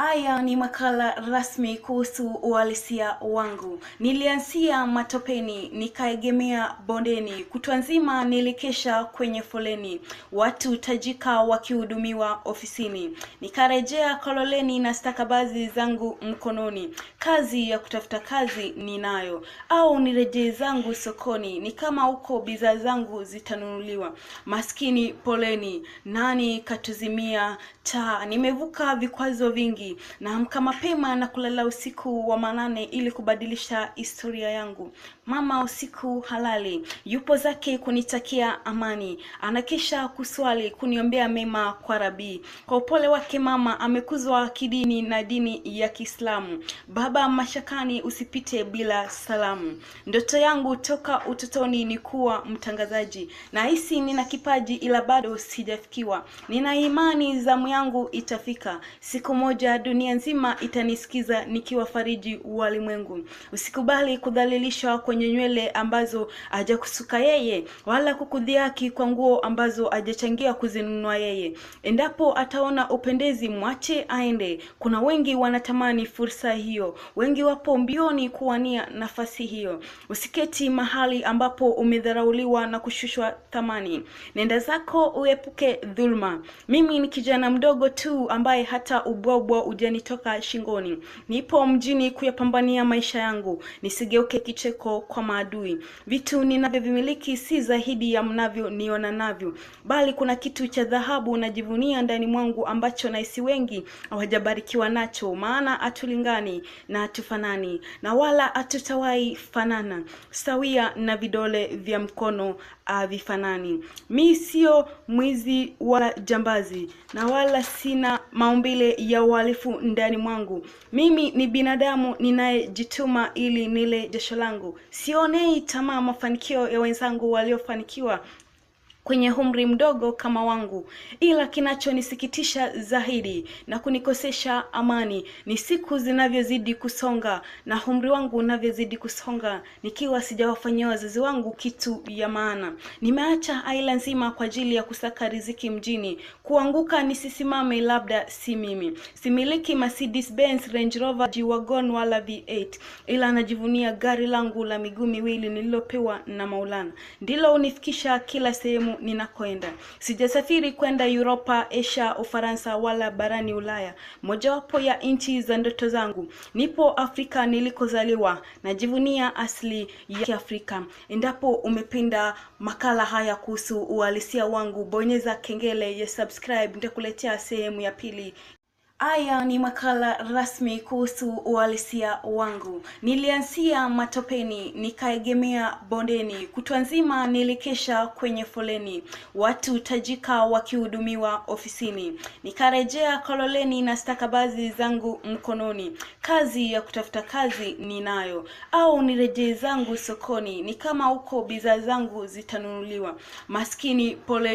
Haya ni makala rasmi kuhusu uhalisia wangu. Nilianzia matopeni, nikaegemea bondeni, kutwa nzima nilikesha kwenye foleni, watu tajika wakihudumiwa ofisini, nikarejea kololeni na stakabazi zangu mkononi. Kazi ya kutafuta kazi ninayo, au nirejee zangu sokoni, ni kama huko bidhaa zangu zitanunuliwa. Maskini poleni, nani katuzimia taa? Nimevuka vikwazo vingi na Naamka mapema na kulala usiku wa manane ili kubadilisha historia yangu. Mama usiku halali yupo zake kunitakia amani, anakesha kuswali kuniombea mema kwa Rabii. Kwa upole wake mama amekuzwa kidini na dini ya Kiislamu. Baba mashakani usipite bila salamu. Ndoto yangu toka utotoni ni kuwa mtangazaji. Nahisi nina kipaji ila bado sijafikiwa. Nina imani zamu yangu itafika siku moja dunia nzima itanisikiza nikiwafariji walimwengu. Usikubali kudhalilishwa kwenye nywele ambazo hajakusuka yeye, wala kukudhiaki kwa nguo ambazo hajachangia kuzinunua yeye. Endapo ataona upendezi, mwache aende. Kuna wengi wanatamani fursa hiyo, wengi wapo mbioni kuwania nafasi hiyo. Usiketi mahali ambapo umedharauliwa na kushushwa thamani. Nenda zako, uepuke dhuluma. Mimi ni kijana mdogo tu ambaye hata ubwabwa ujanitoka shingoni. Nipo mjini kuyapambania maisha yangu, nisigeuke kicheko kwa maadui. Vitu ninavyovimiliki si zaidi ya mnavyo niona navyo, bali kuna kitu cha dhahabu najivunia ndani mwangu ambacho nahisi wengi hawajabarikiwa nacho, maana hatulingani na hatufanani na wala hatutawahi fanana, sawia na vidole vya mkono havifanani. Mi sio mwizi wala jambazi na wala sina maumbile ya wale uharifu ndani mwangu. Mimi ni binadamu ninayejituma ili nile jasho langu, sionei tamaa mafanikio ya wenzangu waliofanikiwa kwenye umri mdogo kama wangu, ila kinachonisikitisha zaidi na kunikosesha amani ni siku zinavyozidi kusonga na umri wangu unavyozidi kusonga, nikiwa sijawafanyia wazazi wangu kitu ya maana. Nimeacha aila nzima kwa ajili ya kusaka riziki mjini, kuanguka nisisimame, labda si mimi. Similiki Mercedes Benz, Range Rover, G-Wagon wala V8, ila najivunia gari langu la miguu miwili nililopewa na Maulana, ndilo unifikisha kila sehemu sehemu ninakoenda. Sijasafiri kwenda Europa, Asia, Ufaransa wala barani Ulaya, mojawapo ya nchi za ndoto zangu. Nipo Afrika nilikozaliwa, najivunia asili ya Kiafrika. Endapo umependa makala haya kuhusu uhalisia wangu, bonyeza kengele ya subscribe, nitakuletea sehemu ya pili. Haya ni makala rasmi kuhusu uhalisia wangu. Nilianzia matopeni, nikaegemea bondeni, kutwa nzima nilikesha kwenye foleni, watu tajika wakihudumiwa ofisini, nikarejea kololeni na stakabazi zangu mkononi. Kazi ya kutafuta kazi ninayo, au nirejee zangu sokoni, ni kama huko bidhaa zangu zitanunuliwa. Maskini poleni.